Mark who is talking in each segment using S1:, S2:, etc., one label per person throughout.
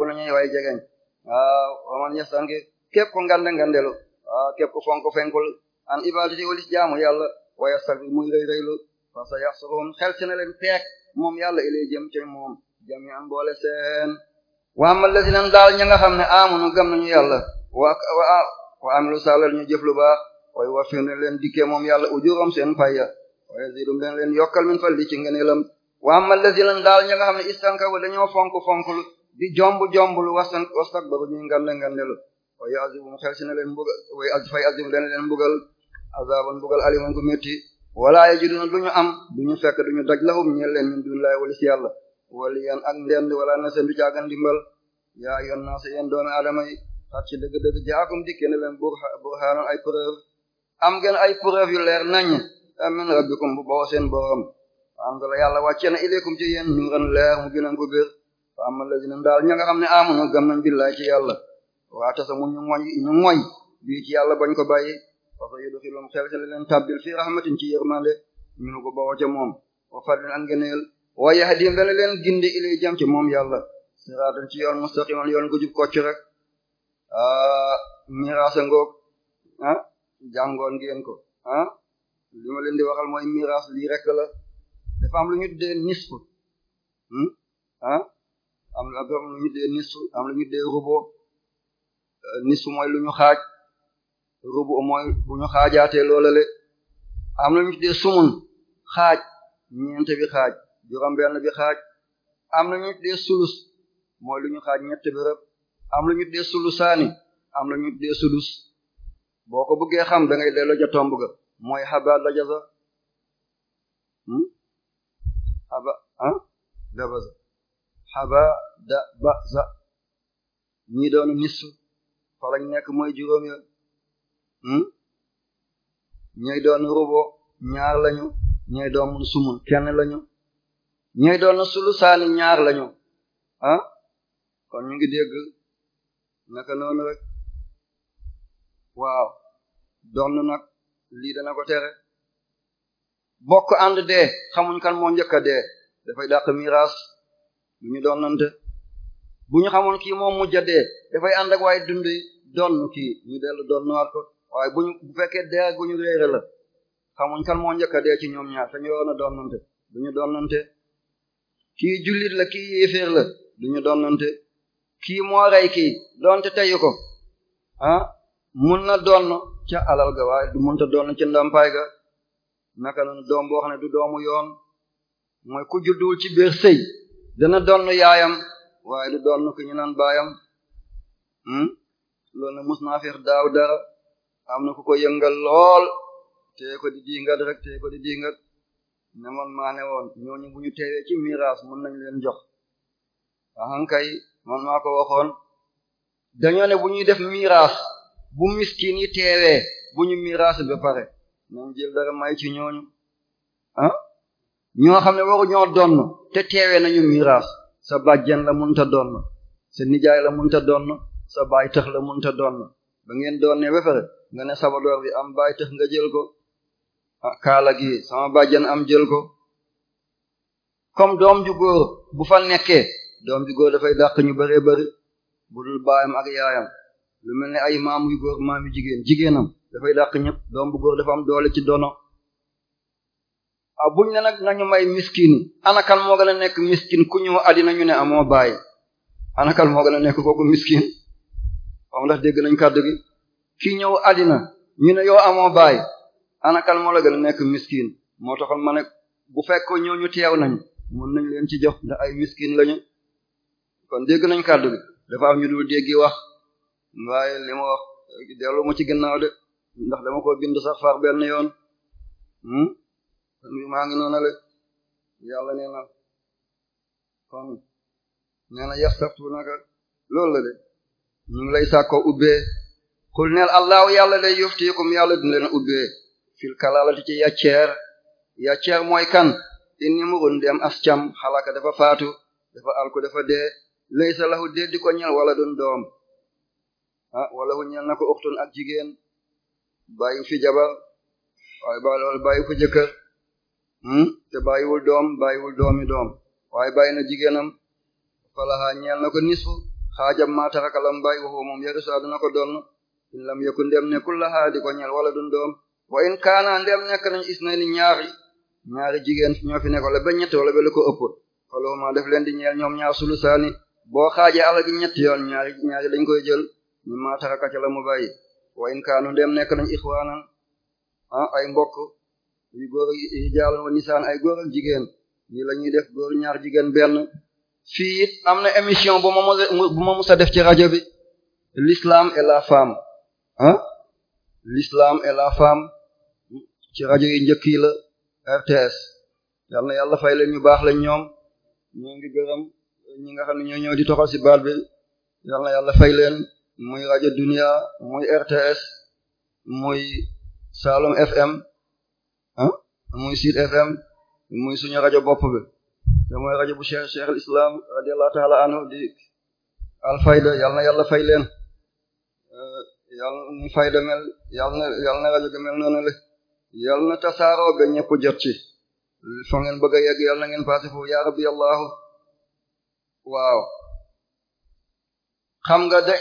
S1: ku la ñuy way jegeñ waaw waman yastanke képp ko ngande ngandelu waaw képp ko fonko fenkul an ibadati walis jaamu yàlla waya sabi muy rëy rëylu fa xel ci na leen peek moom yàlla ilay jëm ci moom jami'an boole seen wa amal lazina daal ña nga xam ne amunu nañu yàlla wa wa amilu salal ñu jëf lu baax way wa fi ne leen dikkee moom yàlla ujurum seen fayya wa yazidum leen leen yokkal min fal li ci ngëneelam wa amal lazina daal ña di jomb jomblu wastan wastakbaru ñuy ngande ngandelu waaye azibum xel si na leen mbugal waaye az fay azim leen leen mbugal azaban mbugal aliman gu metti wala yajiduna du ñu am du ñu fekk ñu daj lahum ñeel leen min dunillahi walis yàlla waliyan ak ndend wala nasen du caagan dimbal yaa yoon naasa yeen doomi aadama yi xat ci dëgg-dëgg jaakum di leen bur burhaanun ay preuve am ay preuve yu leer na ilaykum ci yeen nuran leer mu gënan gu bir fa amal lazina daal ña nga xam ne amanu gëm nañ billaay ci yàlla waa tasamu ñu moy ñu moy bii ci yàlla bañ ko bàyyi parce que yudxilum xel ci leen tabbil fii rahmatin ci yërmande ñu ko bawoo ca moom wa fadlin ak ngeneel wa yahdim dana leen gindi ilay jëm ci moom yàlla siratan ci yoon mustaqiman yoon gu jub kocc rek ah miraasa ngoog ah jàngoon ko lima leen di waxal mooy miraas lii rek la dafa am lu ñu dee nisf hmm? ah am na am lu ñu dee nisu am lu ñu dee rubo euh, nisu mooy lu ñu xaaj rubo mooy bu ñu xaajaatee loolale am na lu ñu dee sumun xaaj ñeent bi xaaj juróom-benn bi xaaj am na ñu dee sulus mooy lu ñu xaaj ñett bi rek am lu ñu dee sulusaani am na ñu dee sulus boo ko bëggee xam da ngay delloo ca tomb ga mooy xabaar la jaza xaba hmm? ah dabaza haba da ba za ñi doon nisf fa lañ nekk mooy juróom ya hmm? ñooy doon rubo ñaar lañu ñooy doon sumun kenn lañu ñooy doon sulu saani ñaar lañu ah kon ñu ngi dégg naka noonu rek waaw doon nag lii dana ko tere bokk ànd dee xamuñ kan moo njëkk a dee dafay dàq miraas lu ñu doonante bu ñu xamoon kii moom mujj a dee dafay ànd ak waaye dund doon kii ñu dellu doon nuwaat ko waaye bu ñu bu fekkee dee gu ñu réere la xamuñ kan moo njëkk a dee ci ñoom ñaar ñu waroon a doonante du ñu doonante ki jullit la ki yéeféer la du ñu doonante kii moo rey kii doonte teyu ko ah mun na doon ca alal ga waaye du mënta doon ca ndampaay ga naka la doom boo xam ne du doom yoon mooy ku judduwul ci biir sëy dana doon yaayam waaye du doon ko ñu naan baayam hmm? loolu na mus naa daaw dara am na ku ko yëngal lool te ko di dingat rek te ko di dingat ne man maa ne woon ñooñu bu ñu teewee ci miraas mën nañ leen jox ahankay man maa ko waxoon dañoo bu ñuy def miraas bu miskin yi teewee bu ñu miraas ba pare nañ jël dara may ci ñooñu ah ñoo xam ne waru ñoo donn te teewee nañu miraas sa bàjjen la mënta donn sa nijaay la mënta donn sa baay tëx la mënta donn ba ngeen doonee ba pare nga ne sabadoor bi am baay tëx nga jël ko a ah, kaala gi sama bàjjen am jël ko comme doom ju góor bu fa nekkee doom ju góor dafay dàq ñu bëree bëri bu dul baayam ak yaayam lu mel ni ay maam yu góor maam jigéen jigéenam dafay dàq ñëpp doom bu góor dafa am doole ci dono Ah, buñ ne nag nañu may miskiin yi anakal moo gën a nekk miskin ku ñëw àddina ñu ne amoo baay anakal moo gën a nekk kooku miskin xam ndax dégg nañ kàddu gi ki ñëw àddina ñu ne yow amoo bàyyi anakal moo la gën a nekk miskin moo taxoon ma ne bu fekko ñëw ñu teew nañ mën nañ leen ci jox ndax ay miskin lañu kon dégg nañ kàddu gi dafa am ñu dul déggi wax waaye li ma wax dellu ma ci ginnaaw de ndax dama ko bind sax benn yoon hmm? mbir maa ngi noona le yàlla nee na kon nee na yastartunaka loolu la de ñu ngi lay sàkkoo ubbee xul neel allahu yàlla day yuftikum yàlla dundeen ubbee fil kalaalati ci yacceer yacceer mooy kan inni murun dem as cam xalaka dafa faatu dafa alku dafa dee laysa lahu déddi ko ñel wala dun doom a ah, wala hu ñel na ko uxtun ak jigéen bàyyi fi jabar waaye ba lool bàyyi fi jëkkër Hmm? te bàyyiwul doom bàyyiwul doomi doom waaye bàyyi na jigéenam falahaa ñeel na ko nisfu xaajam maatarakalaam bàyyi waxoo moom yarisaa dina ko doon in lam yakun ndem nekkul lahaa di ko ñeel wala dun doom wa in kaana ndem nekk nañ is ni ñaari ñaari jigéen ñoo fi nekk wala ba ñett wala ba lu ko ëpp faluma def leen di ñeel ñoom ñaar sulu saani boo xaajee ala gi ñett yoon ñaari ñaari dañ koy jël ñu maataraka ca la mu bàyyi wa in kaanu ndem nekk nañ ixwaanan ah, ay mbokk yu góor yi jaaloon nisaan ay góor ak jigéen ñi lañuy def góor ñaar jigéen benn fii am na émission bu ma bu ma def ci rajo bi lislaam et la femme ah l'islam et la femme ci rajo yi njëkk yi RTS yal na yàlla fay leen ñu baax lañ ñoom ñoo ngi gërëm ñi nga xam ne ñoo ñëw di toxal si baat bi yal na yàlla fay leen muy rajo Dunia muy RTS muy Saloum FM ah muy Sud FM muy suñu rajo bopp bi te rajo bu cheikh cheikh al islam radiyallahu ta'ala anhu di alfayda yàlla na yàlla fay leen eh, yàlla na fayda mel yàlla na yàlla na rajo gi mel noonu le yàlla na tasaaroo ba ñëpp jot ci ngeen bëgg a yegg yàlla ngeen passé foofu ya rabbi allahu waaw xam nga de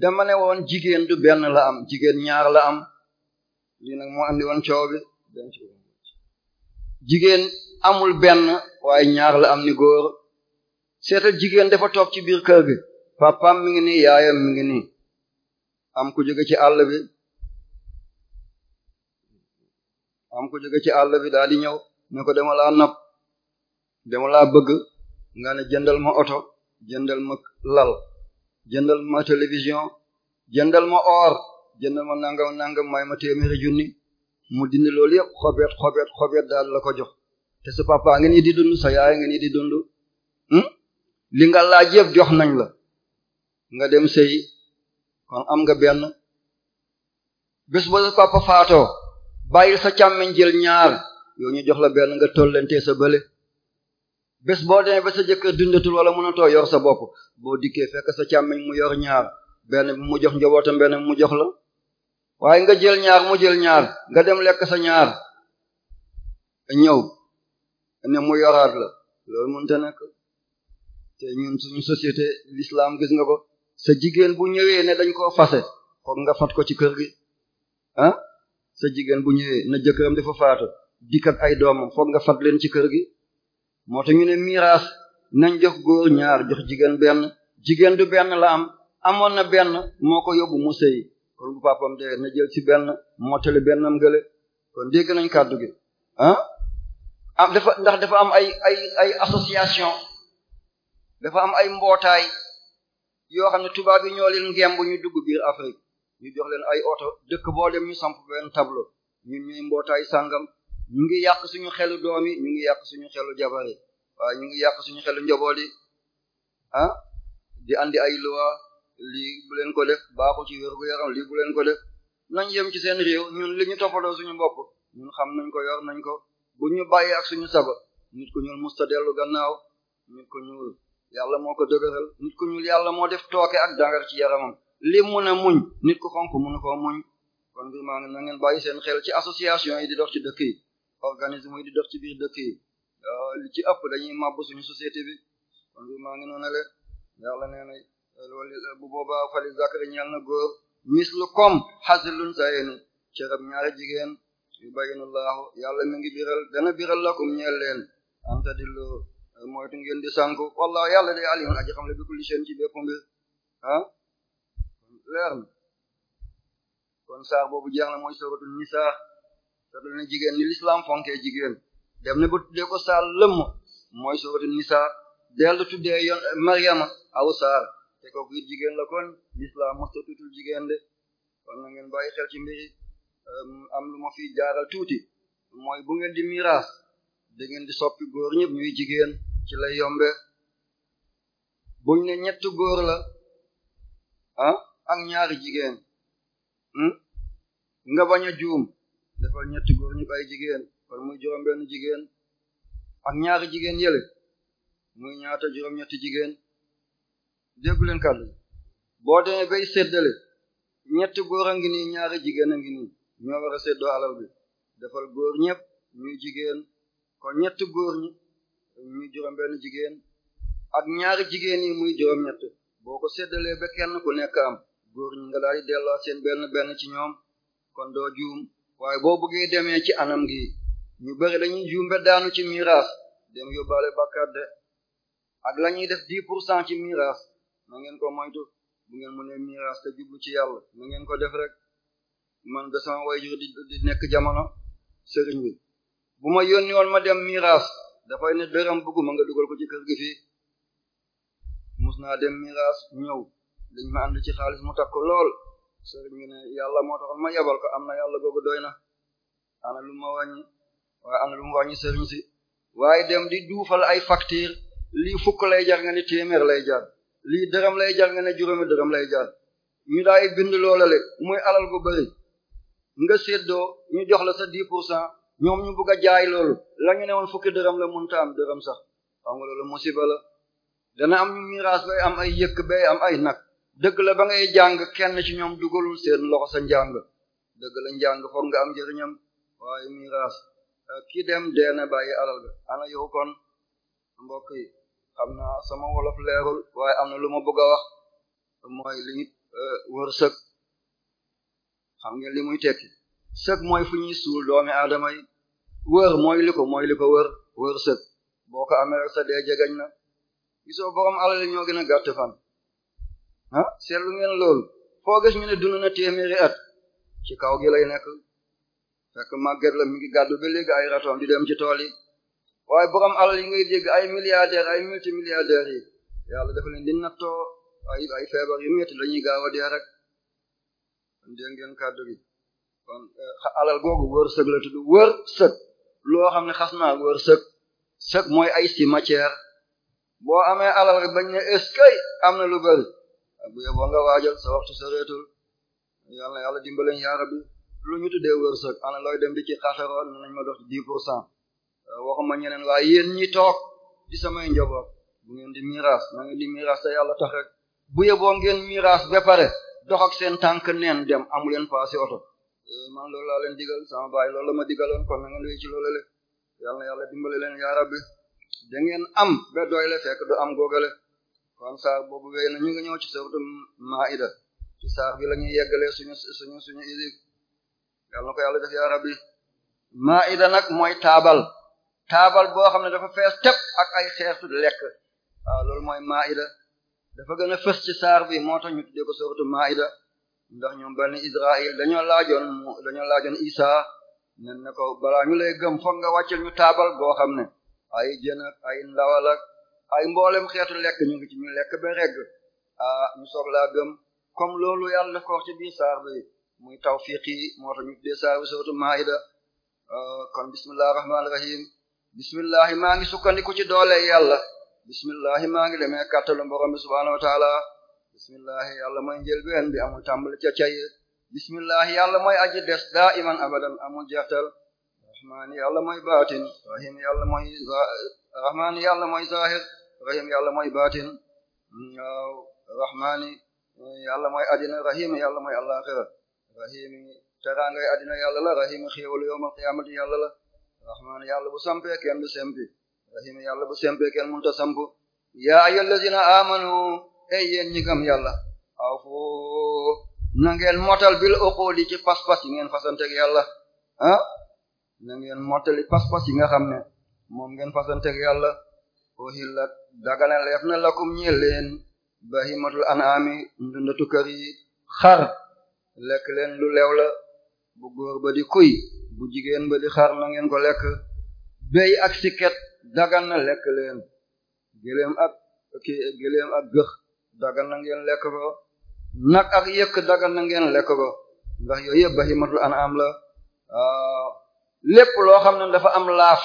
S1: dama woon jigéen du benn la am jigéen ñaar la am lii nag moo andi woon coow jigéen amul benn waaye ñaar la am ni góor seetal jigéen dafa toog ci biir kër gi papam mi ngi nii yaayam mi ngi am ku jóge ci àll bi am ku jóge ci àll bi daal di ñëw ne ko dama laa bëgg nga ne jëndal ma oto jëndal ma lal jëndal ma télévision jëndal ma or jëndal ma nangam nangam may ma téeméeri junni mu dindi loolu yëpp xobeet xobet xobeet daal la ko jox te sa papa ngeen yi di dund sa yaay ngeen yi di dund hmm? li nga laaj yëpp jox nañ la nga dem sëy kon am nga benn bés ba sa papa faatoo bàyyil sa càmmiñ jël ñaar yow ñu jox la benn nga tollentee sa bële bés boo demee ba sa jëkkër dundatul wala mënatoo yor sa bopp boo dikkee fekk sa càmmiñ mu yor ñaar benn bi mu jox njabootam benn mu jox la waaye nga jël ñaar mu jël ñaar nga dem lekk sa ñaar ñëw ne mu yoraat la loolu mënut a te ñun suñu société l'islam gis nga ko sa jigéen bu ñëwee ne dañ koo fase foog nga fat ko ci kër gi ah sa jigéen bu ñëwee na jëkkëram dafa faatu dikk ak ay doomam foog nga fat leen ci kër gi moo tax ñu ne miraas nañ jox góor ñaar jox jigéen benn jigéen du benn la amoon na benn moo ko yóbbu mu sëy kon bu papam de na jël ci benn mottali bennam gële kon dégg nañ kàddu gi ah dafa ndax dafa am ay ay ay association dafa am ay mbootaay yoo xam ne tubaab yi ñoo leen ngemb ñu dugg biir Afrique ñu joxleen ay oto dëkk boo dem ñu samp benn tableau ñun ñuy mbootaay sàngam ñu ngi yàq suñu xelu doom yi ñu ngi yàq suñu xelu jabar yi waaye ñu ngi yàq suñu xelu njaboot yi ah di andi ay loi lii bu leen ko def baaxu ci wér gu yaram lii bu leen ko def nañ yem ci seen réew ñun li ñu toppatoo suñu bopp ñun xam nañ ko yor nañ ko bu ñu bàyyi ak suñu sago nit ku ñuul musta dellu gannaaw nit ku ñuul yàlla moo ko dëgëral nit ku ñuul yàlla moo def tooke ak dangar ci yaramam li mu a muñ nit ku xonk munu ko muñ kon bi maa ngi na ngeen bàyyi seen xel ci association yi di dox ci dëkk yi organisme yi di dox ci biir dëkk yi li ci ëpp dañuy màbb suñu société bi kon bi na loolu euh, bu boobaa fali zakari ñeel na góor mislu kom xasilun sayenu cërab ñaari jigéen yu bayinullahu yàlla mi ngi biral dana biral lakum ñeel leen anta dillu euh, moytu ngeen di sànku wallahu yàlla day alim aji xam le bi kulli ci bépp mbir ah, leer na kon saar boobu jeex na mooy suratul nisa sotol ne jigéen ni l'islam fonkee jigéen dem ne ba tuddee ko saar lëmm mooy suratul nisa dellu tuddee yoon mariama aw saar te kooku it jigéen la kon l'islam mosta tuutul jigéen de kon na ngeen bàyyi xel ci mbiri am lu ma fi jaaral tuuti mooy bu ngeen di miraas da ngeen di soppi góor ñëpp ñuy jigéen ci lay yombe buñ ne ñett góor la ah ak ñaari jigéen hmm? nga bañ a juum defal ñetti góor ñëpp ay jigéen kon muy juróom benn jigéen ak ñaari jigéen yële muy ñaata juróom ñetti jigéen déggu leen boo demee bay séddale ñetti góor a ngi nii ñaari jigéen a ngi nii ñoo war a séddoo alal bi defal góor ñëpp ñuy jigéen kon ñetti góor ñi muy juróom benn jigéen ak ñaari jigéen yi muy juróom ñett boo ko séddalee ba kenn ku nekk am góor ñi nga daal di delloo seen benn benn ci ñoom kon doo juum waaye boo bëggee demee ci anam gi ñu bëri dañuy juum ba daanu ci miraas dem yóbbaale bakkaat de ak lañuy ñuy def 10 pour cent ci miraas na ngeen ko moytu bu ngeen mënee miraas te jublu ci yàlla na ngeen ko def rek man ba sama wayjur di nekk jamono sëriñ bi bu ma yónni woon ma dem miraas dafay ne dërëm bëggu ma nga dugal ko ci kër gi fi mus naa dem miraas ñëw dañ ma ànd ci xaalis mu takk lool sëriñ ngi ne yàlla moo taxoon ma yebal ko am na yàlla googu doy na ana lu ma wàññi waaye ana lu ma sëriñ si waaye dem di duufal ay facture lii fukk lay jar nga ni téeméer lay jar lii dërëm lay jar nga ne juróomi dërëm lay jar ñu daay bind loolale muy alal gu bëri nga séddoo ñu jox la sa 10 pour cent ñoom ñu bëgg a jaay loolu la ñu ne woon fukki dërëm la mënut am dërëm sax xam loolu musiba la dana am ñu miraas bay am ay yëkk bay am ay nag dëgg la ba ngay jàng kenn ci ñoom dugalul seen loxo sa njàng dëgg la njàng foog nga am njëriñam waaye miraas ki dem dee na bàyyi alal ga ana yow kon yi. xam naa sama wolof leerul waaye am na lu ma bëgg a wax mooy li euh, wër sëg xam ngeen li muy tekki sëg mooy fu ñuy suul doomi aadama yi wër mooy li ko mooy li wër wër sëg boo ko amee rek sa dee jegañ na gisoo borom alal ñoo gën a gàtt fan ah seetlu ngeen loolu foo gis at ci kaw gi lay nekk fekk màgget la mi ngi gàddu ba léegi ay raton di dem ci tool yi waaye borom alal yi ngay dégg ay milliardaires ay multimilliardaires yi yàlla dafa leen di nattoo ay ay feebar yu métti dañuy gaaw a dee rek dégg ngeen kàddu gi kon eh, alal googu wërsëg la tudd wërsëg loo xam ne xas naa wërsëg sëg mooy ay si matière boo amee alal rek bañ ne est-ce am na lu bari bu yeboo nga waajal sa waxtu sa reetul yàlla yàlla dimbaleen yaa rabbi lu ñu tuddee wërsëg ana looy dem di ci xasaroon nañ ma dox ci dix pour waxuma ñeneen waaye yéen ñi toog di samay njaboot bu ngeen di miraas na ngeen di miraas te yàlla tax rek bu yeboo ngeen miraas ba pare dox ak seen tànk neen dem amuleen paase oto euh, man loolu laa leen digal sama baay loolu la ma digaloon kon na ngeen wéy ci loolu le yàlla na leen yaa rabbi da ngeen am ba doyle fekk du am googale kon saar boobu wéy na ñu ngi ñëw ci suratul maida ci saar bi la ñuy yeggalee suñu suñu suñu isib yàlla na ko yàlla def yaa rabbi maida nag mooy taabal taabal boo xam ne dafa fees tëb ak ay xeetu lekk loolu mooy maida dafa gën a fës ci saar bi moo tax ñu tuddee ko sooratu maida ndax ñoom bani Israël dañoo laajoon dañoo laajoon Isa nen ne ko balaa ñu lay gëm foog nga wàccel ñu taabal boo xam ne ay jën ay ndawal ay mboolem xeetu lekk ñu ngi ci ñu lekk ba regg ah ñu soog laa gëm comme loolu yàlla def ko ci biir saar bi muy tawfiqi moo tax ñu tuddee saar bi sooratu maida ah, kon bismillahir rahmanir rahim bismillahi maa ngi sukkandiku ci doole yàlla bismillahi maa ngi demee kattalu borom bi subhaanahu wa taala bismillahi yàlla mooy njëlbeen bi amul tàmbali ca cay bismillahi yàlla mooy aji des daa iman abadan amul jeextal rahmaani yàlla mooy baatin rahim yàlla mooy rahmaani yàlla mooy zahir rahim yàlla mooy baatin waaw rahmaani yàlla mooy addina rahim yàlla mooy àllaxira rahimi teraangay addina yàlla la rahimi xéewalu yawmal qiyaamati yàlla la rahmaan yàlla bu sampee yàlla bu sempee kenn mënta samp yaa ayyuhallazina amanu ey yéen ñi gëm yàlla awfu na ngeen motal bil uqudi ci pas-pas yi ngeen fasanteeg yàlla ah na ngeen motali pas-pas yi nga xam ne moom ngeen fasanteeg yàlla uhillat dagana leef na lakum ñi bahimatul an'ami ndundatu kër yi xar lekk leen lu leew la bu góor ba di kuy bu jigéen ba di xar na ngeen ko lekk béy ak siket dagan na lekk leen gëléem ak ki gëléem ak gëx dagan na ngeen lekk ko ak yëkk dagan na ngeen lekk ko ndax yooyu yëpp bahimatul am la ah, lépp loo xam ne dafa am laaf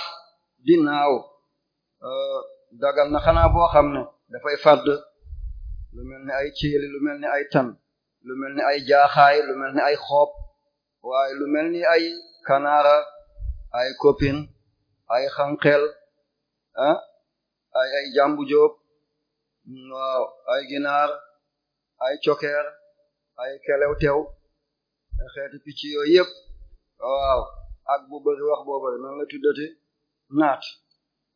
S1: di naaw ah, dagan na xanaa boo xam ne dafay fàdd lu mel ni ay ceeli lu mel ni ay tan lu mel ni ay jaaxaay lu mel ay xoob waaye lu mel ay kanaara ay copine ay xanxel ah ay ay jàmbu jóob ay ginaar ay cokeer ay kelewtew tew xeeti picc yooyu yëpp waaw ak bu wax boobale nan la tuddati naat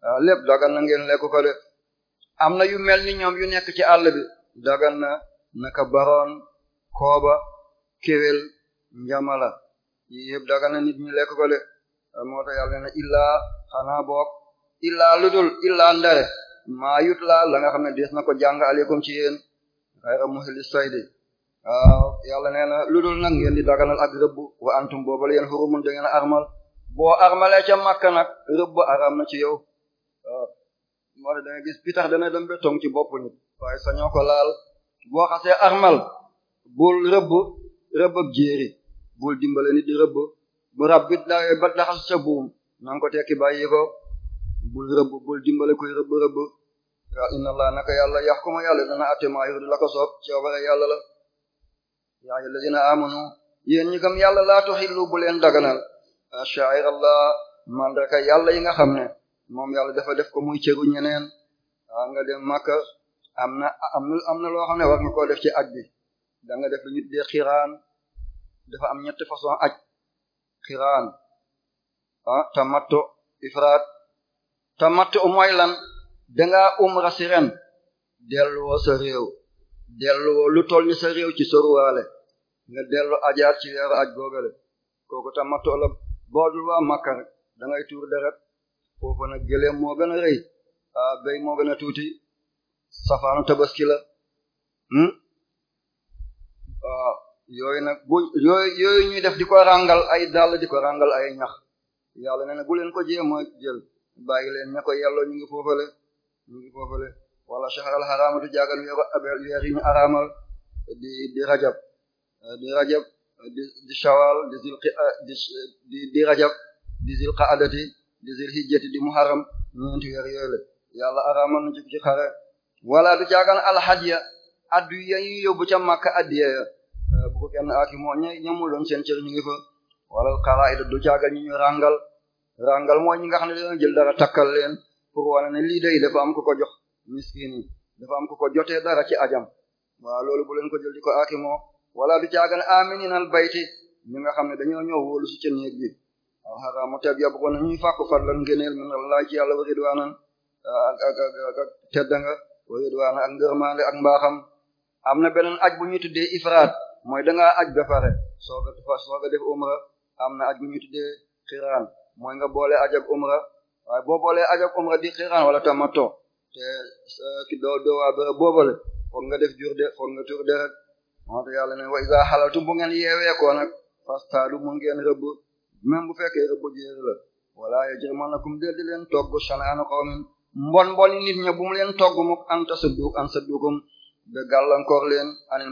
S1: waaw lépp dagan na ngeen lekk ko am na yu mel ni ñoom yu nekk ci àll bi dagan na naka baroon kooba kéwél njamala yii yëpp dagal na nit ñu lekk ko de moo tax yàlla na illaa xanaa boog illaa ludul illaa ndare maa yut laal la nga xam ne des na ko jàng aleykum ci yéen xayra muhli saydi waaw yàlla nee na ludul nag ngeen di daganal ak rëbb wa antum boobale yéen xurumun da ngeen armal boo armalee ca Makka nag rëbb aram na ci yow waaw moo tax da gis pitax dana dem ba tong ci bopp nit waaye sañoo ko laal boo xasee armal bul rëbb rëbb jéeri bul dimbale nit di rëbb bu rabbit la ba laxas sa buum na nga ko tekki bàyyi ko bul rëbb bul dimbale koy rëbb rëbb waaw inna la naka yàlla yaxkumu yàlla dana atte maa yurdu la ko a coobare yàlla la yaa ayyuhal ladina amanu yéen ñi gëm yàlla laa tuhillu bu leen daganal sha'ir allah mandarka yàlla yi nga xam ne moom yàlla dafa def ko muy cëru ñeneen waa nga dem Makka am na am na xam war nga koo def ci aj bi def lu ñu dee dafa am ñetti façon aj xiraan ah tamattu ifraat tamattu mooy lan danga umra si delluwoo sa delluwoo lu toll ni sa ci soruwaale nga dellu ajaat ci weeru aj googale kooku tamattu la boo dul waa dangay tuur deret foofu nag gëléem moo gën a rëy ah, moo gën tuuti safaanu tabaski la waaw hmm? ah. yooyu nag bu yooyu yooyu ñuy def di ko ràngal ay dàll di ko rangal ay ñax yàlla nee na bu leen ko jéem a jël bàyyi leen ña ko yelloo ñu ngi foofale ñu ngi foofale wala shahral haram du jaagal weeru abel weer yi ñu aramal di di rajab di rajab di di shawal di zil di di rajab di zil qaadati di zil hijjati di muharram ñeenti weer yooyu la yàlla aramal nu ci ci du jaagal alhadiya addu ya ñu yóbbu ca makka addiya bu kenn aki moo ña ñamuloon seen cër ñu ngi fa wala xalaida du caaga ñu ñu rangal rangal mooy ñi nga xam ne dañoo jël dara takkal leen pour wane ne lii day dafa am ku ko jox miskin yi dafa am ku ko jotee dara ci ajam waaw loolu bu leen ko jël di ko aki moo wala du caaga ne aminin al bayti ñi nga xam ne dañoo ñëw wóolu ci ca néeg bi aw xaraamu teb yab ko na ñuy fàkku farlan la min Allah ci yàlla wa ridwaanan ak ak ak ak nga wa ridwaanan ak ngërmaande ak mbaaxam am na beneen aj bu ñuy tuddee ifraat mooy danga aj ba pare soo ko fa def umra am na aj bu ñu tuddee mooy nga boole aj ak umra waaye boo boolee aj ak umra di xiraan wala tamato te euh, ki doo doo waa bëre boobale nga def jur de foog nga tur de rek moo yàlla ne wa iza halaltum bu ngeen yeewee ko nag fastaadu mu ngeen rëbb même bu fekkee rëbb jéer la wala yajrimannakum déedéet leen togg shana'aanu qawmin mbon mboni nit ña bu mu leen togg muk an tasaddu an saddukum be gàllankoor leen anil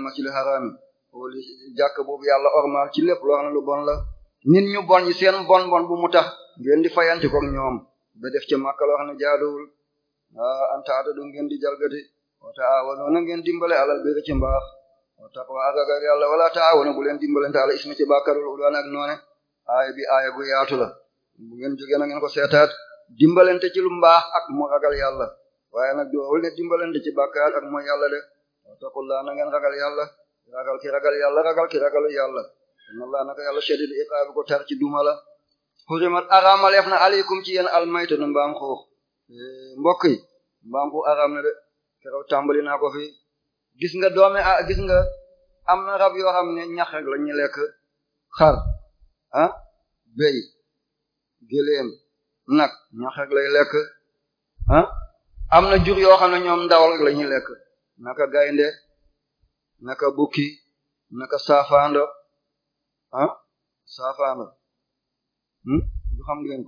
S1: wala oh, jàkk boobu yàlla ormal ci lépp loo lu bon la nit ñu bon ñi seen bon bon bu mu tax ngeen di fayanti ko ñoom ba def ci màkka loo xam ne jaaduwul ah antaata du ngeen di jalgati wa taawano na ngeen dimbale alal biir ci mbaax wa taqwa ak ragal yàlla wala taawano bu leen dimbale nta ala isma ci bàkkarul udwaan ak noone aaya bi aaya bu yaatu la bu ngeen jógee na ngeen ko seetaat dimbalante ci lu mbaax ak mu ragal yàlla waaye nag doowul ne dimbalante ci bàkkaar ak mooy yàlla ragal ki ragal yàlla ragal ki ragalu yàlla inna allah naka yàlla shadid iqaab ko tar ci duma la hurimat aramaleef na aleykum ci yéen almaytu na mbaam xuux mbokk yi mbaam xuux na de keraw tàmbali naa ko fi gis nga doome ah gis nga am na rab yoo xam ne ñax rek la ñu lekk xar ah béy géléem nag ñax rek lay lekk ah am na jur yoo xam ne ñoom ndawal rek la ñuy lekk naka gaynde naka bukki naka saafaando ah saafaando hmm? du xam ngeen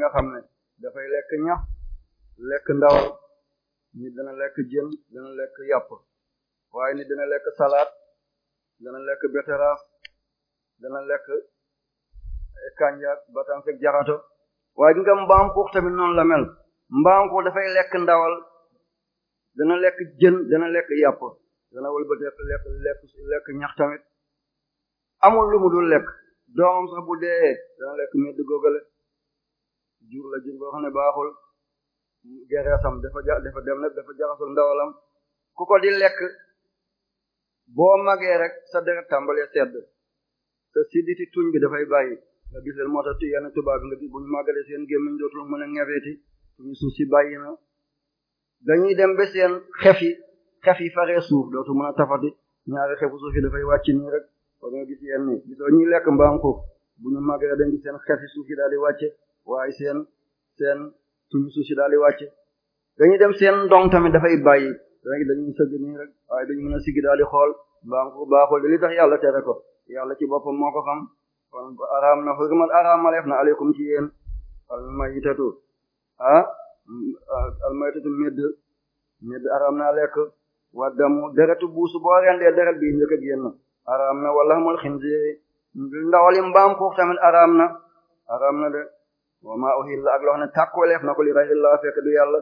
S1: nga xam ne dafay lekk ñax lekk ndawal nit dana lekk jën dana lekk yàpp waaye nit dana lekk salade dana lekk betterave dana lekk kanjaak batanseeg jarato waaye gi nga mbaam xuux tamit noonu la mel mbaam xuux dafay lekk ndawal dana lekk jën dana lekk yàpp dana wëlbati lekk lekk ñax tamit amul lu mu dul lekk doomam sax bu dee dana lekk medd góogale jur la jur boo xam ne baaxul gereesam dafa ja dafa dem nag dafa jaxasul ndawalam ku ko di lekk boo magee rek sa deret tàmbalee sedd sa si diti tuñ bi dafay bàyyi nga giseen moo tax yenn tubaab bi nga gis bu seen gémmiñ dootul mën a ñebeeti suñu suuf si bàyyi na dañuy dem ba seen xef yi yi faree suuf dootu mën a tafati ñaari xefu suuf dafay wàcc nii rek war nga gis yenn nii gisoo ñuy lekk mbaam ko bu ñu màggalee dañ gis seen xef yi suuf yi daal di wàcce waaye seen seen suñu si daal di wàcce dañuy dem seen ndong tamit dafay bàyyi léegi dañuy sëgg nii rek waaye dañu mën a siggi daal di xool baaxul baaxul li tax yàlla tere ko yàlla ci boppam moo ko xam kon araam na hurmat araamaleef na aleykum ci yéen al maytatu ah al maytatu medd araam na lekk waddamu deretu buusu boo rendee deret bi njëkk a génn araam na wala xamul xinziiri ndawali mbaam xuux tamit araam na araam na de wa maa uhilla ak loo xam ne tàkkooleef na ko li ghayrillaa fekk du yàlla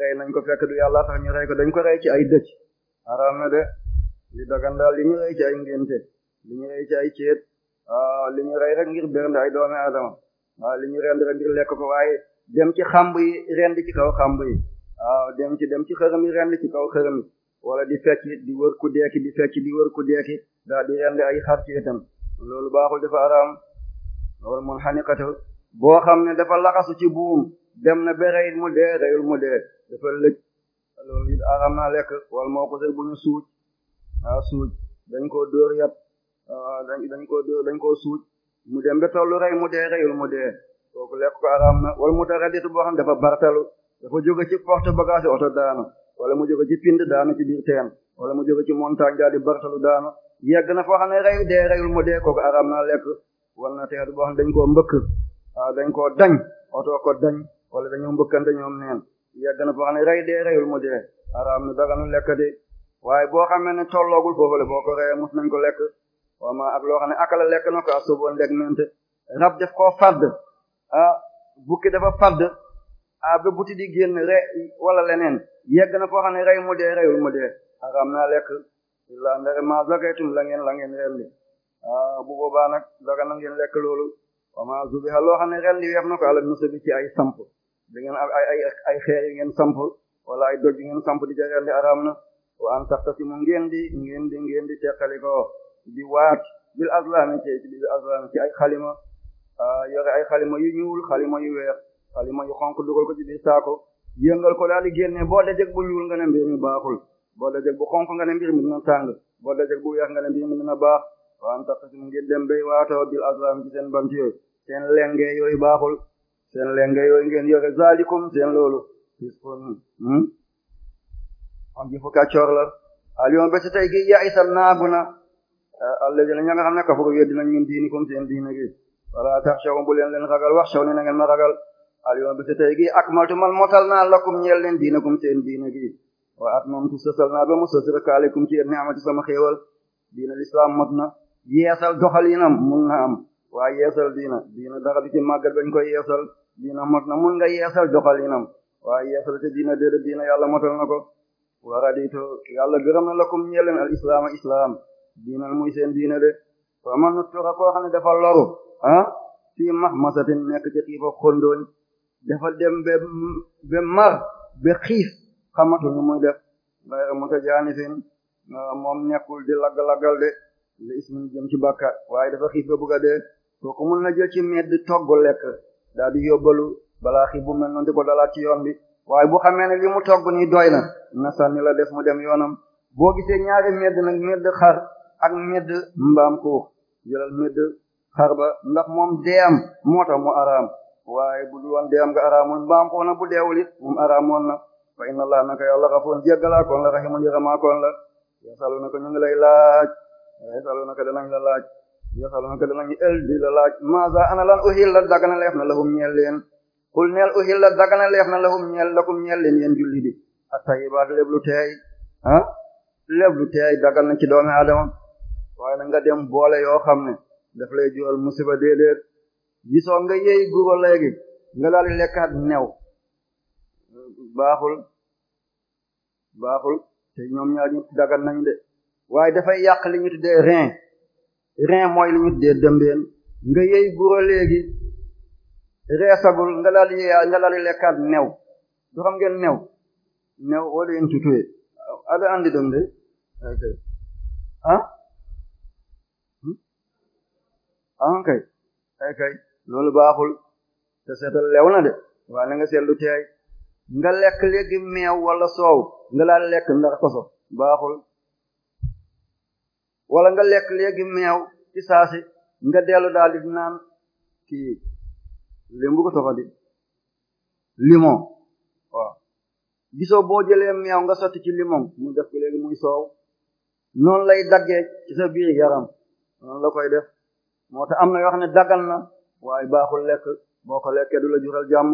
S1: rey nañ ko fekk du yàlla tax ñu rey ko dañ ko rey ci ay dëj araam na de li dagan daal li ñu rey ci ay ñu rey ci ay a li ñu rey rek ngir bernde ay doomi aadama li ñu rend rek lekk ko waaye dem ci xamb yi rend ci kaw xamb yi waaw dem ci dem ci xërëm yi rend ci kaw xërëm wala di fecc di wër ku deeki di fecc di wër ku deeki daal di rend ay xar ci itam loolu baaxul dafa araam loolu mun xaniqatu boo xam ne dafa laxasu ci buum dem na bereyit mu dee reyul mu dee dafa lëj loolu it na lekk wala moo ko seen bu ñu suuj koo dóor yat dañ dañ koo dóor dañ koo suuj mu dem ba tollu rey mu dee reyul mu dee kooku lekk ko na wala mu tara ditu boo xam ne dafa bartalu dafa jóge ci porte bagage oto daanu wala mu jóge ci pind daanu ci biir teen wala mu jóge ci montagne daal di bartalu daanu yegg na foo xam ne rey dee reyul mu dee kooku aram na lekk wal na teet boo xam ne dañ koo mbëkk Ah, dañ koo dañ oto ko dañ wala dañoo mbëkkante ñoom neen yegg na foo xam ne rey dee reyul mu dee araam nu daganu lekk de waaye boo xamee ne tolloogul foofule boo ko reyee mos nañ ko lekk o wama ak loo xam ne akala lekk na ko a soboon lekk mente rab def koo fadd ah bukki dafa fadd ah ba di génn re wala leneen yegg na foo xam ne rey mu dee reyul mu dee araam naa lekk illa ndare ma zakaytum la ngeen la ngeen rendi ah bu nag daga na lekk loolu wama zubiha loo xam ne ren di weef na ko ala nusubi ci ay samp da ngeen ay ay ay xeer yi ngeen samp wala ay doj yi ngeen samp di ca ren di araam na wa an taqtasimu ngeen di ngeen di ngeen di teqaliko di waat bil azlami ci ci ay xalima ah, yore ay xalima yu ñuul xalima yu weex xalima yu xonk dugal ko ci biir saako yëngal ko daal di génne boo dajeg bu ñuul nga ne mbir mi baaxul boo dajeg bu xonk nga ne mbir mi dina tàng boo dajeg bu weex nga ne mbir mi dina baax wa an taqsimu ngeen dem bay waatoo bil azlam ci seen bant yooyu seen lenge yooyu baaxul seen lenge yooyu ngeen yore zalikum seen loolu fiskun on hmm? jëfu kàccoor la alion bési tey gi ya isal naagu na eh, alladina ña nga xam ne kafaru weddi nañ min diinikum seen diina gi wala taxshawum bu leen len ragal wax shaw ni na ma ragal alion bési tey gi akmaltu man motal naa lakum ñeel leen diinakum seen diina gi wa atmamtu sësal naa ba mu sësal kaalikum ci ni'mati sama xéewal yeesal doxalinam mun na am waaye yeesal diina diina dara bi ci màggat bañ koy yeesal diina mot na mun nga yeesal doxalinam waaye yeesal te diina déedéet diina yàlla motal na ko waraditu yàlla gërëm na lakum ñeleen al islaama islaam diina muy seen diina de fa man tura koo xam ne dafa loru ah fii max masatin nekk ci xiifa xondooñ dafa dem be be mar be xiif xamatu nu muy def bayra mutajaanifin moom nekkul di lagg-laggal de la ismin jëm ci bàkkaar waaye dafa xiif ba bëgg a dee kooku mën na jël ci medd togg lekk daal di yóbbalu balaa xiif bu mel noonu di ko dalaat ci yoon bi waaye bu xamee ne li mu togg nii doy na na la def mu dem yoonam boo gisee ñaari medd nag medd xar ak medd mbaam xuux jëlal medd xar ba ndax moom deeyam moo tax mu araam waaye bu dul woon deeyam nga araamoon mbaam xuux na bu deewul it moom araamoon na fa inna allah naka la raximun yërëmaakoon la yasalu na ko ñu ngi lay yasalunaka danañ la laaj yasalunaka danañ el di la laaj maza ana lan uhilla dagana leef na lahum ñeel leen u neel uhilla dagana leef na lahum ñeel lakum ñeel leen yeen julli di at-tayyibaat lépp lu teey ah lépp lu teey dagal na ci doomi aadama waaye na nga dem boole yoo xam ne daf lay jural musiba déedéet gisoo nga yey guro léegi nga daal di lekkaat new baaxul baaxul te ñoom ñaar ñu dagal nañ de waaye dafay yàq li ñu tuddee rein rein mooy li ñu tuddee dëmbeen nga yëy guro léegi reesagul nga laal yeeyaa nga laal new du xam new new wala yéen tutuye ada andi dëm de ah hmm? ah kay kay kay loolu baaxul te seetal lew na de waaye na nga seetlu teey nga lekk léegi meew wala soow nga laal lekk ndax koso baaxul wala nga lekk léegi meew ci saasi nga dellu daal di naan kii lém bu ko limon waaw gisoo boo jëlee meew nga sotti ci limon mu def ko léegi muy soow noonu lay daggee ci sa biir yaram noonu la koy def moo tax am na yoo xam daggal na waaye baaxul lekk boo ko lekkee du la jural jàmm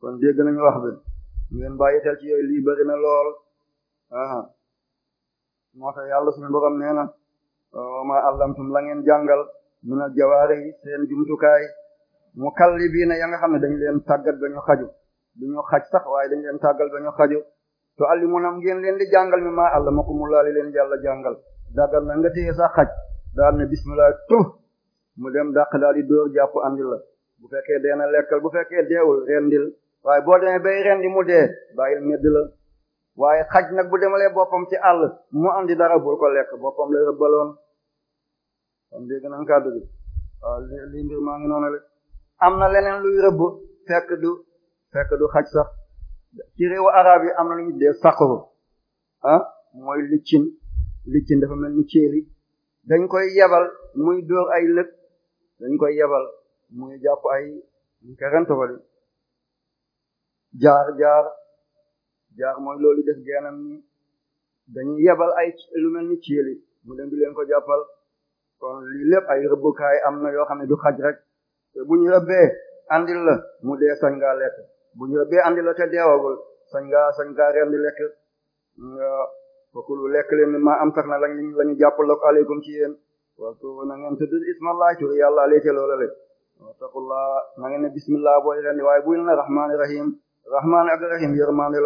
S1: kon dégg nañu wax bi ngeen bàyyi xel ci yooyu lii bari na lool ah moo tax yàlla suñu borom nee na ma allamtum la ngeen jàngal min al jawaari seen jumtukaay mukallibiina ya nga xam ne dañu leen tàggat gañu ñu xaju duñu xaj sax waaye dañu leen tàggal ba ñu xaju to allimunam ngeen leen di jàngal mi maa mu laali leen yàlla jàngal daggal na nga téye sa xaj daal ne bismillah tuf mu dem dàq daal di dóor jàpp andil bu fekkee dee na lekkal bu fekkee deewul rendil waaye boo demee bay rendi mu dee bàyyil la waaye xaj nag bu demale boppam ci àll mu andi dara bul ko lekk boppam la rëbbaloon kon dégg nañ kàddu gi waaw li mbir maa ngi noonu rek am na leneen luy rëbb fekk du fekk du xaj sax ci réewu arab yi am na lu ñu dee saqru ah mooy liccin liccin dafa mel ni céeli dañ koy yebal muy dóor ay lëg dañ koy yebal muy jàpp ay ñu ko rentobali jaar jaar jaar mooy loolu def geenam ni dañuy yebal ay lu ciili mu dem di leen ko jàppal kon lii lépp ay rëbbukaay am na yoo xam ne du xaj rek te bu ñu rëbbee andil mu dee sañ ngaa lekk bu ñu rëbbee andil la te deewagul sañ ngaa sañ ngaa rem di lekk fakulu lekk leen mi maa am na lañ la ñu jàppal la ko aleykum ci yéen wartu na ngeen tudd yàlla alee ca loola le wattaqullah na ngeen ne bismillah booy ren di waaye buy na rahmaani rahim rahmaani ak rahim yërmaande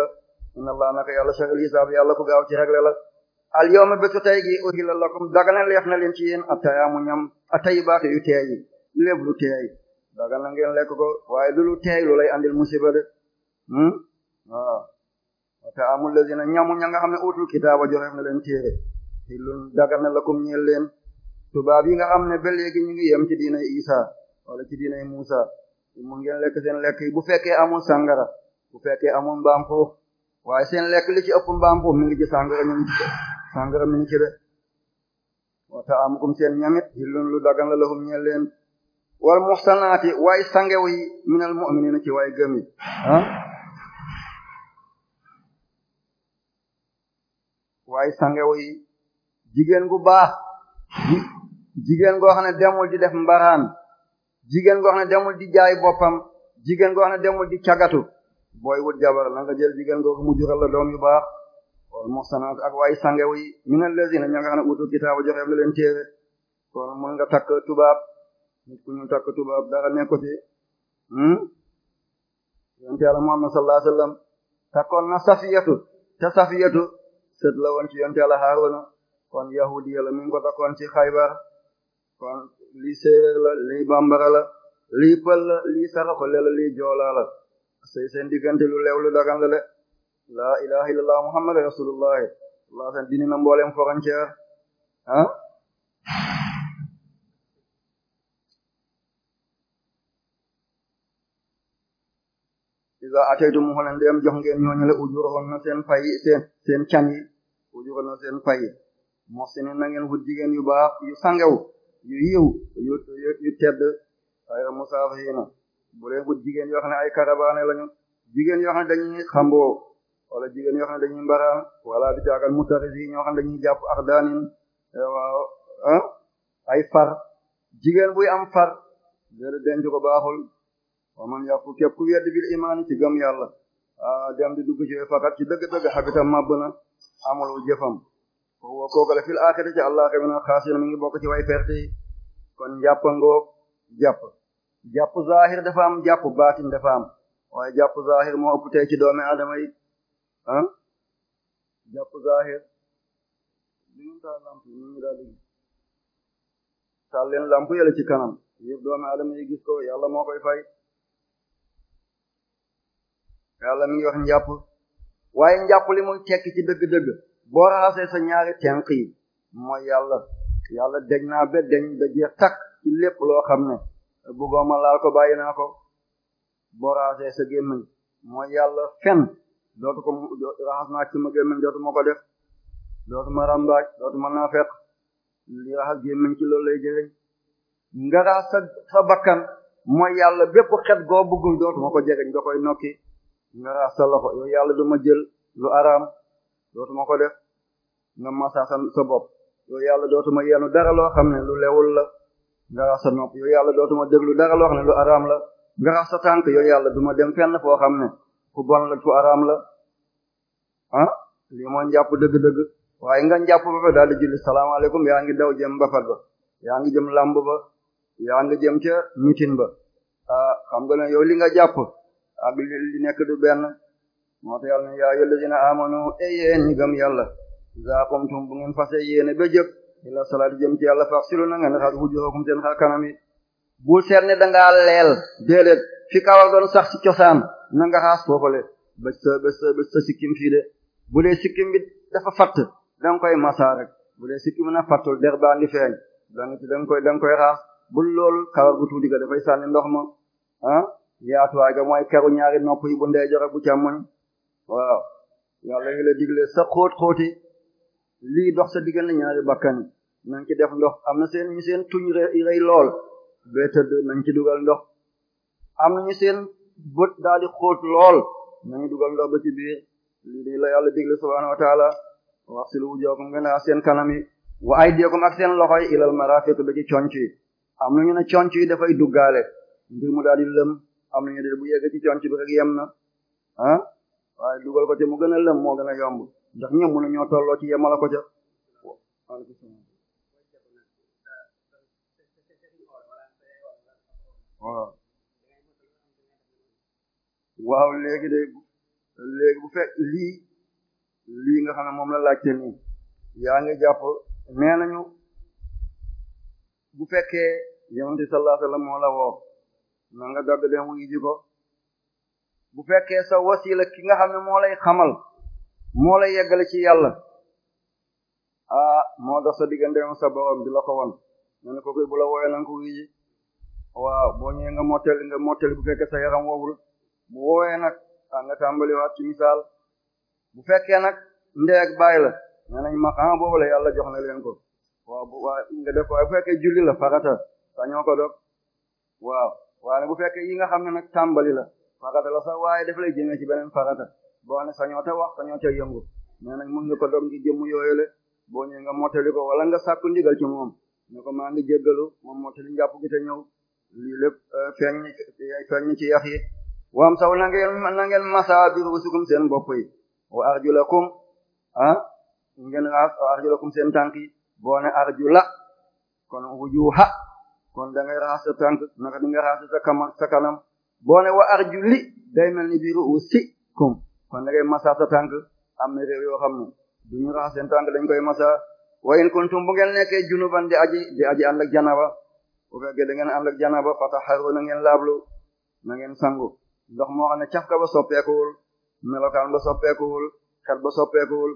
S1: inna allah naka yàlla sariil hisaab yàlla ku gaaw ci regle la al yawma bésu tey gi uhilla lakum daganal leef na leen ci yéen attayaamu ñam attayibaatu yu teeyi lépp lu teey daganal ngeen lekk ko waaye lu lu teey lu lay andil musiba de hmm? waaw attayaamu lazina ñamu ña nga xam ne utul kitaaba joxeef na leen téere hillun daganal lakum ñeel leen tubaab yi nga xam ne ba léegi ñu ngi yem ci diinay Isa wala ci diinay Musa mu ngeen lekk seen lekk yi bu fekkee amul sangara bu fekkee amul mbaam waaye seen lekk li ci ëpp mbaam mi ngi ci sàngara mi ngi de wata amukum seen ñamit hillun lu dagan la lahum ñeel wal muhsanaati waaye sangew yi minal mu'minina ci waaye gëm yi ah waaye sangew yi jigéen gu baax jigéen goo xam ne demul di def mbaraan jigéen goo xam ne demul di jaay boppam jigéen goo xam ne demul di cagatu booy wut jabar na nga jël jigéen googu mu jural la doom yu baax wal muhsanat ak waay sangew yi minal lazina ña nga xam ne kitaaba joxeem na leen téere kon mën nga takk tubaab nit ku ñu tubaab dara nekku ci hmm? yonte yàlla Muhammad sallallahu alayhi wasallam takkoon na safiyatu te safiyatu sët la woon ci yonte yàlla Haaruna kon yahudi yàlla mi ngi ko takkoon ci Xaybar kon lii séeréer lii bambara lii pël la lii saraxole la lii joolaa sëy seen diggante lu leew lu dagan la de la ilaha illallah muhammad rasulullah allah seen dini na mboolem frontière ah iza ataytumuhu lan dem jox ngeen ñooñu la ujurahun na seen pay seen seen can yi ujurahun na seen pay muhsinin na ngeen wut jigéen yu baax yu sangew yu yiw yu yu tedd ay musafihina bu leen jigéen yoo xam ne ay karabaane lañu jigéen yoo xam ne dañuy xamboo wala jigéen yoo xam ne dañuy mbaraan wala bi jaagal mutarisi ñoo xam ne dañuy jàpp ak daanin eh, waaw ah ay far jigéen buy am far léegi denc baaxul wa man yàqu képp ku wedd bil imaan ci gëm yàlla a ah, dem di dugg ci fakat ci dëgg-dëgg xabitam màbb na amul jëfam wa kookale fil axira ci àllaaxe bi na xaasina mi ngi ci way perte yi kon njàppa ngoog jàpp jàpp zahir dafa am jàpp baatin dafa am waaye jàpp zahir moo ëpp tey ci doomi aadama yi ah jàpp zahir ñu yi ñu daal di taal leen lamp ci kanam yëpp doomi aadama gis ko yàlla moo koy fay yàlla mi ngi wax njàpp waaye njàpp li muy tekki dëgg-dëgg boo raxasee sa ñaari tenq yi mooy yàlla yàlla deñ naa ba deñ ci lépp loo xam ne bëggooma laal ko bàyyi naa ko boraasee sa gémmiñ yàlla fen ko raxas naa ci ma gémmiñ dootu ko def dootu ma rambaaj dootu ma naa fekk li raxas gémmiñ ci loolu lay jëriñ nga raxas sa sa bakkan mooy yàlla bépp xet goo bëggul dootu ko jëriñ nga koy nokki nga raxas sa loxo yow yàlla du ma jël lu araam dootu ma ko def nga masa sa sa bopp yow yàlla dootu yenu dara loo xam ne lu lewul la nga rax sa nopp yow yàlla dootuma déglu dara loo xam lu araam la nga rax sa tànk yow yàlla duma dem fenn foo xam ne fu bon la fu araam la ah lii mooy dëgg-dëgg waaye nga njàpp ba fa daal di julli yaa ngi daw jëm ba ba yaa ngi jëm lamb ba yaa ngi jëm ca mitin ba ah xam nga ne yow li nga jàpp ak li nekk du benn moo tax yàlla ne yaa ayyuhallazina amanu e yéen ñi gëm yàlla zaqumtum bu ngeen fase yéene ba jëkk ila salaati jëm ci yàlla fax silu na ngeen xaar wujuhakum seen xar kanam yi bul seet ne dangaa leel déedéet fi kawar doon sax ci cosaan na nga xaas foofale ba sa ba sa sikkim fii de bu dee sikkim bi dafa fatt da koy masa rek bu dee sikkim na fattul der baa ngi feeñ da nga da koy da nga koy xaas bul loolu kawar gu tuuti ga dafay sànni ndox ma ah yaatuwaay ga mooy keru ñaari nopp yi bu ndey jore bu càmmoñ waaw yàlla ngi la digle sa xóot xóoti lii dox sa diggante ñaari bakkan nañ ci def ndox am na seen ñu seen tuñ rëy lool bee tëdd nañ ci dugal ndox am na ñu seen bët daal di xóot lool nañu dugal ndox ba ci biir lii la yàlla digle subhaanahu wa taala wax si lu wujookum seen kanam wa aydiyakum ak seen loxoy ilal marafiq ba ci conc yi am nañu ne conc yi dafay duggaale ngir mu daal di lëm am nañu de bu yegg ci conc bi rek yem na ah waaye dugal ko ci mu gën a lëm moo gën a yomb ndax ñoom mënuñoo tolloo ci yemala ko ca waaw waaw léegi de léegi bu fekk lii lii nga xam ne moom la laajte nii yaa ngi jàpp nee nañu bu fekkee yonent bi sallallahu alayhi wasallam moo la woo na nga dagg dem wuyu ko bu fekkee sa wasila ki nga xam ne moo lay xamal moo lay yeggale ci yàlla ah moo dox sa diggante sa borom di la ko won ne ko koy la wooyee na waaw boo ñëwee nga mottali nga mottali bu fekkee sa yaram woowul bu woowee nag ah, nga tàmbaliwaat ci misaal bu fekkee nag ndey ak baay la nee nañ maqaama ah, boobu la yàlla jox na leen ko waaw bu waa nga def ko bu fekkee julli la farata sañoo ko dog waaw waaye bu fekkee yi nga xam ne nag tàmbali la farata la sax waaye daf lay jëmee ci beneen farata boo ne sañoo wax sañoo te yëngu nee nañ mun nga ko dog ngi jëmm yooyule boo ñëwee nga mottali ko wala nga sàkku ndigal ci moom ko maa ngi jéggalu moom mottali njàpp gi te lii lépp euh, feeñ feeñ ci yax yi wam saw na ngeen na ngeen masa bi rusukum seen bopp yi wa arjulakum ah ngeen raas wa arjulakum seen tànk yi boo ne arjula kon wujuha kon da ngay raas sa tànk naka di nga raas sa kama sa kanam boo ne wa arjuli day mel ni biiru usi kum kon da ngay masa sa tànk am na réew yoo xam ne duñu seen tànk dañ koy masa wa in kuntum bu nekkee junuban di aji di aji ànd janaba bu fekkee da ngeen ànd ak janaba fataharu na ngeen laablu na ngeen sangu ndox moo xam ne cafka ba soppeekuwul melokaan ba soppeekuwul xel ba soppeekuwul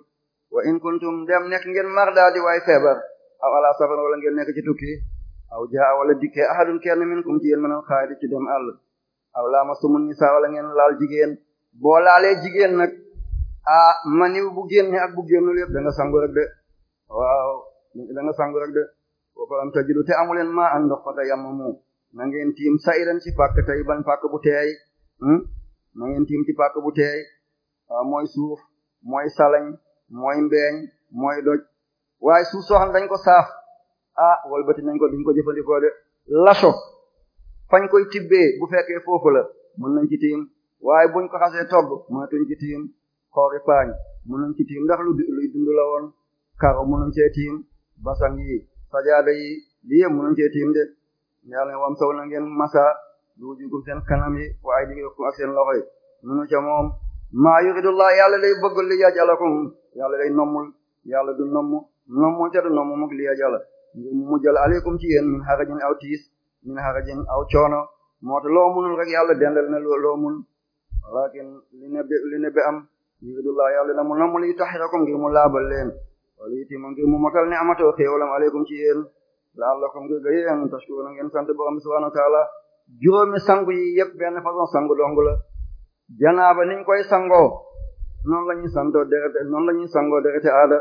S1: wa in kuntum dem nekk ngeen marda di waay feebar aw ala safar wala ngeen nekk ci tukki aw jaa wala dikkee ahadun kenn minkum ci yéen mënal xaaydi ci dem àll aw lamastumu nisaa wala ngeen laal jigéen boo laalee jigéen nag ah maniw bu génne ak bu génnul yëpp da sangu rek de waaw da sangu rek de boo wafalam tajidu te amu leen maa an ndox fa tayammamu na ngeen tiim sa'iran ci pàkk tey ban pàkk bu teey hmm? na ngeen tiim ci pàkk bu teey mooy suuf mooy salañ mooy mbeeñ mooy doj waaye suuf soo xam ko saaf ah walbati nañ ko duñ ko jëfandikoo de laso fañ koy tibbee bu fekkee foofu la mën nañ ci tiim waaye buñ ko xasee togg mënatuñ ci tiim xoori paañ mën nañ ci tiim ndax lu luy dund la woon karo mën cee tiim basang yi sajaada yi lii yëpp mënuñ cee tiim de yàlla wam saw na ngeen masa lu jugum seen kanam yi wa ay digikum ak seen loxo yi munu ca moom maa yuridullah yàlla day bëggul li yajalakum yàlla day nommul yàlla du nomm nommul te du nomm muk li yajala mu jël aleykum ci yéen min harajin aw tiis min harajin aw coono moo te rek yàlla dendal na loo mun walakin li ne am yuridullah yàlla da mu nommul yi tahirakum ngir mu laabal leen wala iti ma ngir mu motal ne amatoo xéewalam aleykum ci yéen la'allakum ngir ga yéen tashkuruna ngeen sant borom bi subhanahu wa ta'ala juróomi sangu yi yëpp benn façon sangu dong la janaaba niñ koy sangoo noonu la ñuy santoo derete noonu la ñuy sangoo derete aada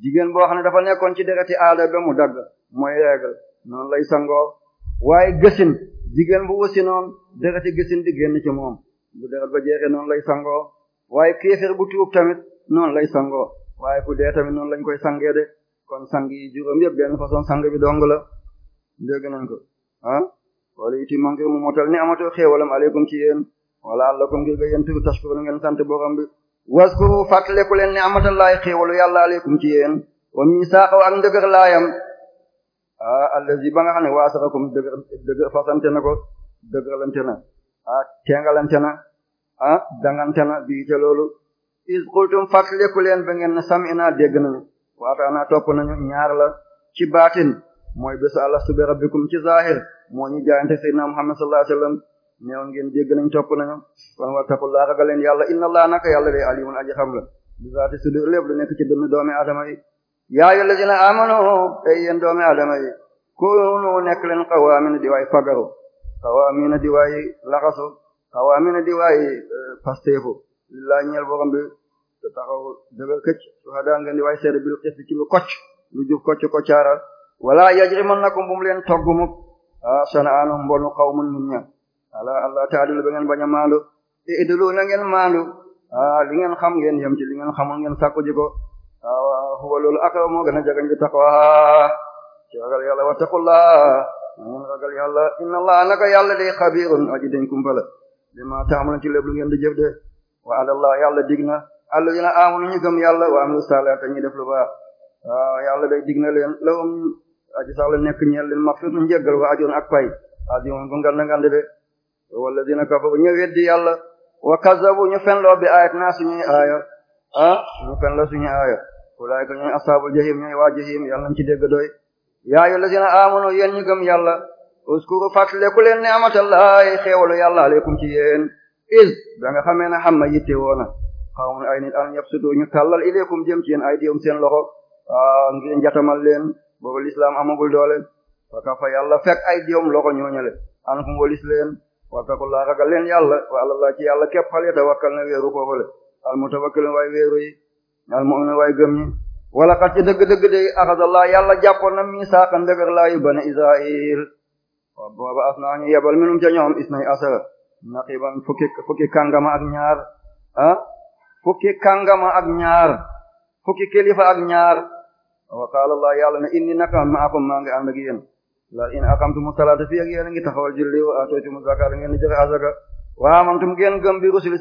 S1: jigéen boo xam ne dafa nekkoon ci dereti aada ba mu dagg mooy règle noonu lay sangoo waaye gësin jigéen bu wësi noon dereti gësin di génn ci moom bu deret ba jeexee noonu lay sangoo waaye kéefér bu tuub tamit noonu lay sangoo waaye ku dee tamit noonu lañ koy sangee de kon sang yi juróom yëpp benn façon sang bi dong la dégg nañ ko ah wala iti manque mu motal ni amato xéewalam aleykum ci yéen wala allakum ngir nga yéen tur tashkuru ngeen sant borom bi waskuru fàttaleku leen ni amatallaay xéewalu yàlla aleykum ci yéen wa misaaqa ak ndëgër laayam ah allazi ba nga xam ne waasarakum dëgër dëgër fasante ko dëgërlante na ah tengalante na ah dangante na bii te is qultum lekk leen ba ngeen ne sami'na dégg nañu waataana topp nañu ñaar la ci baatin mooy bésu alastu bi rabbikum ci zahir moo ñu jaayante sayyidina Muhammad sallallahu alayhi wasallam neew ngeen dégg nañ topp nañu kon wattaqullaha ragal leen yàlla inna allaha naka yàlla day alimun aji xam la bi zaati sudur lépp lu nekk ci dund doomi aadama yi yaa ayyuhal lazina amanu ay yéen doomi aadama yi kunu nekk leen qawaamina di waay fagaru qawaamina di waay laxasu qawaamina di waay eh, pasteefu laa ñeel borom bi te taxaw dëgër këcc suhadaa ngeen di waaye seede bil xis ci lu kocc lu jub kocc ko caaral wala yajrimannakum bu mu leen togg muk ah sanaanu mbonu qawmun nit ña ala allah taadilu ba ngeen bañ a maandu idilu na ngeen maandu li ngeen xam ngeen yem ci li ngeen xamul ngeen sàkku ji ko waaw huwa loolu akal moo a jagañ bi taqwa ci ragal yàlla wa taqullah ngeen ragal yàlla inna allah naka yàlla day xabirun aji dañ kumpala li ma taamal ci lépp lu ngeen di jëf wa adallah yàlla dig na alladina amanu ñu gëm yàlla wa amilu salata ñu def lu baax waaw yàlla day dig na leen lawum aji sax la nekk ñeel leen maxfiratun njëggal wa ajrun ak pay azim bu ngand ngand de walladina kafaru ñu weddi yàlla wa kazzabu ñu fenloo bi ayatina suñuy aaya ah a fenloo suñuy aaya ulaika ñooy ashabul jahim ñooy waa jahim yàlla nañ ci dégg doy yaa ayyuhal lazina amanu yéen ñu gëm yàlla uskuru fàttaleku leen ne amatallahi xéewalu yàlla aleykum is da nga xamee ne xam na yitte woona xaw ay nit an yabsutu ñu tàllal ilaykum jëm ci ay diyum seen loxo a ah, ngir njatamal leen boobu lislaam amagul doole faka fa yàlla fekk ay diyum loxo ñooñale an kum walis leen wattaqullaa ragal leen yàlla wa alallah ci yàlla képp xal yatawakkal na wéeru foofale al mutawakkilun waay wéeru yi al mu'minun waay gëm ñi wala xat da dëgg-dëgg de axadallah yàlla jàppoon na misaaqan dëgër laayu bana israil booba as naa ñu naqiban fukki fukki kàngama ak ñaar ah, fukki kàngama ak ñaar fukki kilifa ak ñaar wa qaala allah yàlla ne inni naka ma'akum maa ngi ànd ak yéen la in aqamtumu salaata fi ak ngi taxawal julli wa atootumu zakaata ngeen di joxe azaka wa amantum ngeen gëm bi rusuli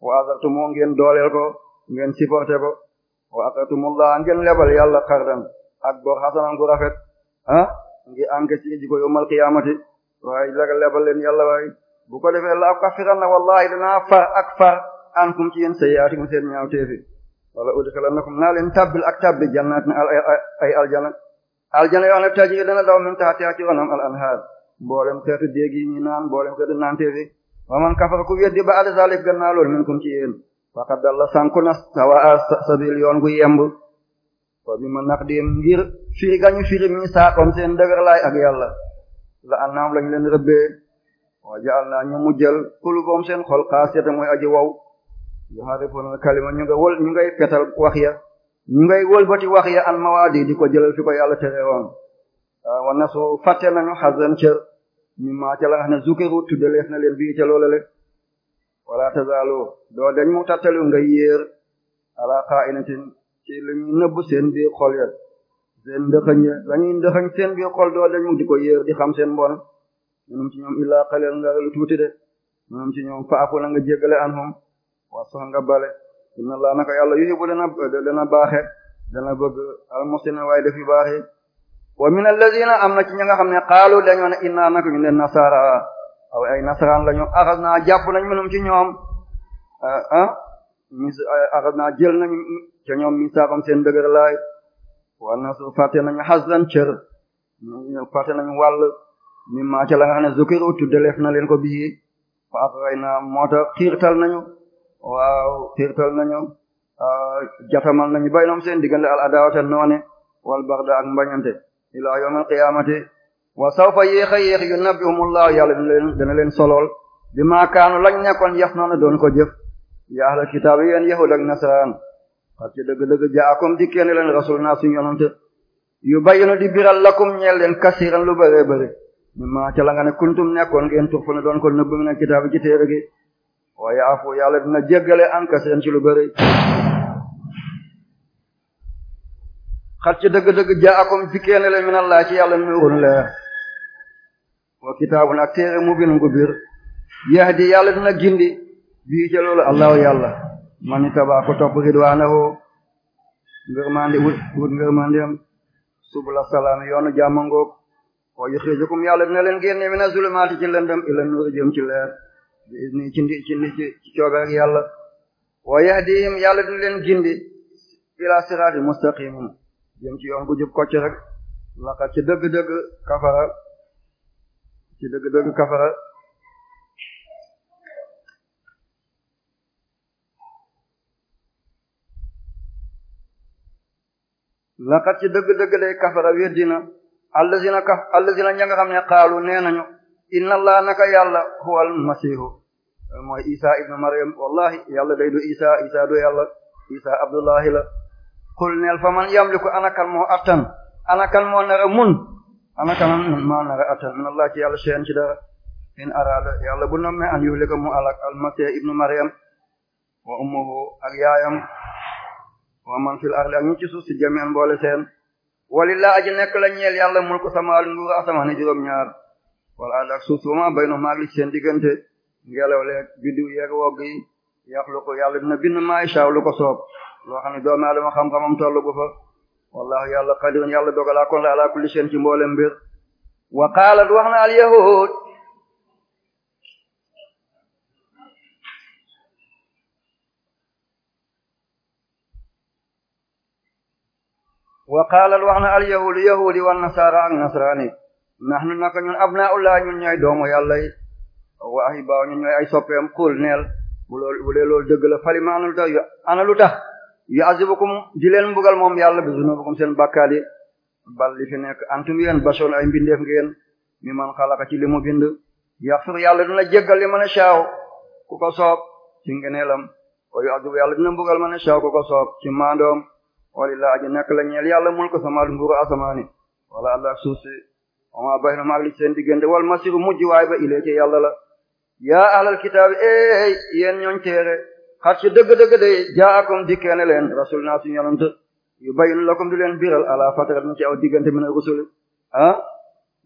S1: wa azartumu ngeen dooleel ko ngeen supporté ko wa aqartumullah ngeen lebal yàlla qardan ak hasanan gu rafet ah ngi anke ci jiko yawmal qiyaamati waaye laga lebal leen yàlla waaye bu ko defee la ukaffiran na wallahi danaa far ak ankum ci yéen sayyaatikum seen ñaawteefi wala udxilannakum naa leen tabbil ak tabbi jannatin ay aljana aljana yoo xam ne tajri min tahtihaa ci ronam al anhaar mboolem xeetu déeg yi naan mboolem xeetu naanteefi wa man kafara ku weddi ba'da zaalika gannaaw loolu minkum ci yéen faqad dalla sànku na sawaa sabil yoon gu wa bi ma naqdim ngir firi gañu firi mi saaqom seen dëgërlaay ak yàlla la wa jaal naa ñu mujjal kulubum seen xol xaasiyata mooy aji wow yuharifuna kalima ñu nga ngay fetal wax ya ñu ngay wëlbati wax ya an mawaadi di ko jëlal fi ko yàlla tereewoon wa nasu fàtte nañu xasan cër ñu maa la nga ne zukiru tuddaleef na leen bi ca loolale wala tazalu doo dañ mu tattalu nga yéer ala qa'inatin ci lu ñu nëbb seen biir xol ya seen ndëxëñ ya lañuy ndëxëñ seen biir xol doo dañ mu di ko yéer di xam seen mbon minum ci ñoom illaa qalil nga lu tuuti de minum ci ñoom faafu na nga jéggale anhum wasax nga bale inna allah naka yàlla yuhibbu dana dana baaxe dana bëgg al muslimin de dafi baaxe wa min alladhina am na ci ña nga xam ne qaalu dañoo ne inna naka ñu leen nasara aw ay nasaraan lañu axas naa jàpp nañ minum ci ñoom ah, ah. mis axas naa jël nañ ca ñoom misaaxam seen dëgër laay wa nasu fàtte nañu xaslan cër fàtte nañu wàll mimma ma la nga xam ne zukiru na leen ko bii fa aqray na moo tax xiirtal nañu waaw xiirtal nañu ah, jatamal nañu bay noom seen diggante al adawata noone wal barda ak mbañante ila yawmal qiyamati wa sawfa yéex a yéex yu nabihumullahu yàlla dina leen dana leen solool bi maakaanu lañ nekkoon yaf noona doon ko jëf ya ahla kitaab yéen yahud ak nasaraan parce que dëgg-dëgg jaakum di kenn leen rasul naa suñu yonante yu bayyinu di biral lakum ñeel leen kasiran lu bëree bëri mimma ca la nga ne kuntum nekkoon ngeen tuxfuna doon ko nëbb min kitaabi ci téere gi wa yaafu yàlla dina jéggale anka seen ci lu bëri xat ci dëgg-dëgg jaakum dikkee ne leen minal laa ci yàlla nuurun leer wa kitaabun ak téere mu bin ngu bir yahdi yàlla dina gindi bii ca loolu allahu yàlla man itabaa ko topp ridwaanahu ngërmandi wut ngërmandiam subula salaam yoonu jàmmangoog wa yukhrijukum yàlla dina leen génne mina zulumaati ci lëndëm ila nuur jëm ci leer ni ci ndi ci ndi ci coobe ak yàlla wa yahdihim yàlla dina leen gindi ila siraati mustaqim jëm ci yoon bu jub kocc rek laqad ci dëgg-dëgg kafara ci dëgg-dëgg kafara laqad ci allazina kaf allazina ña nga xam ne xaalu nee nañu inna allah naka yàlla huwa almasihu mooy isa ibnu maryam wallahi yàlla day du isa isa du yàlla isa abdullahi la xul fa man yamliku anakan moo attan anakan moo nara mun anakan moo nara attan min allah ci yàlla seen ci dara in araada yàlla bu namme an yuhlika mu alak almasih ibnu maryam wa ummuhu ak wa man fil ardi ak ñu ci suuf si jami'an walilaa aji nekk la ñeel yàlla mulku samaal nguur asamaane juróom-ñaar wala ànd ak suuf suma bay nu maag li seen diggante ngelaw leeg biddiw yeeg wogg yi yaxluqu yàlla dina bind maay shaaw lu ko soob loo xam ne doomu aadama xam-xamam tollu gu fa wallahu yàlla qadirun yàlla dogalaa kon la ala kulli shay'in ci mboolem wa qaalat wax na al wa qaalal wax na al yahudi yahudi wan nasaara ak nasraani nahnu naka ñun abnaa'ullah ñun ñooy doomu yàlla yi wa ahibaa ñun ñooy ay soppeem xul neel bu loolu bu dee loolu dëgg la falima ana lu yu ana lu tax yu azibukum di leen mbugal moom yàlla bi zunubukum seen bàkkaat bal li fi nekk antum yéen basoon ay mbindeef ngeen mi man xalaka ci li mu bind yaxfir yàlla dina jéggal li man a shaaw ku ko soob ci ngeneelam wa yu azibu yàlla dina mbugal man a walilaa aji nekk la ñeel yàlla mul ko sama nguuru asamaani wala allah suuf si wama bayna maag li seen diggante wal masiru mujj waay ba ilee ci yàlla la ya ahlal kitaabi ey yéen ñooñ téere xat ci dëgg-dëgg day jaakum dikkee ne leen rasul naa suñu yu bayyinu lakum di leen biral ala fatrat mu ci aw diggante min rusuli ah